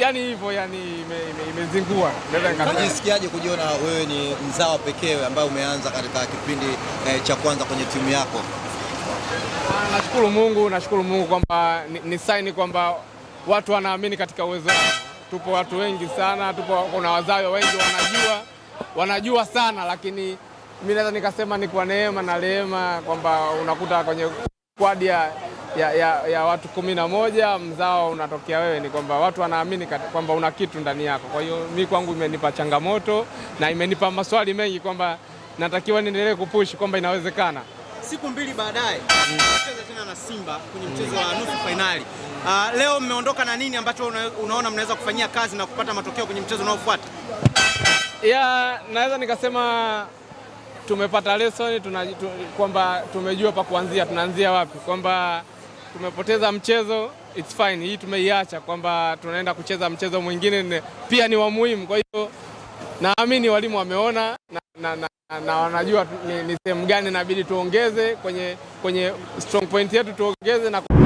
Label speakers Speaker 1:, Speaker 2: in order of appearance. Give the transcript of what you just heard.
Speaker 1: yani hivyo yani imezingua.
Speaker 2: Unajisikiaje kujiona wewe ni mzawa pekee ambaye umeanza katika kipindi eh, cha kwanza kwenye timu yako?
Speaker 1: Ah, nashukuru Mungu, nashukuru Mungu kwamba ni, ni saini kwamba watu wanaamini katika uwezo wangu. Tupo watu wengi sana, tupo kuna wazawa wengi wanajua, wanajua sana, lakini mi naweza nikasema ni kwa neema na rehema kwamba unakuta kwenye kwadi ya ya, ya, ya watu kumi na moja mzao unatokea wewe, ni kwamba watu wanaamini kwamba una kitu ndani yako. Kwa hiyo mi kwangu imenipa changamoto na imenipa maswali mengi kwamba natakiwa niendelee kupush kwamba inawezekana.
Speaker 3: Siku mbili baadaye mm. mcheza tena na Simba kwenye mchezo wa nusu fainali. Uh, ah, leo mmeondoka na nini ambacho unaona mnaweza kufanyia kazi na kupata matokeo kwenye mchezo unaofuata?
Speaker 1: Ya, naweza nikasema tumepata lesson tu, kwamba tumejua pa kuanzia, tunaanzia wapi kwamba tumepoteza mchezo, it's fine. Hii tumeiacha kwamba tunaenda kucheza mchezo mwingine, pia ni wa muhimu. Kwa hiyo naamini walimu wameona na, na, na, na wanajua ni, ni sehemu gani inabidi tuongeze kwenye, kwenye strong point yetu tuongeze na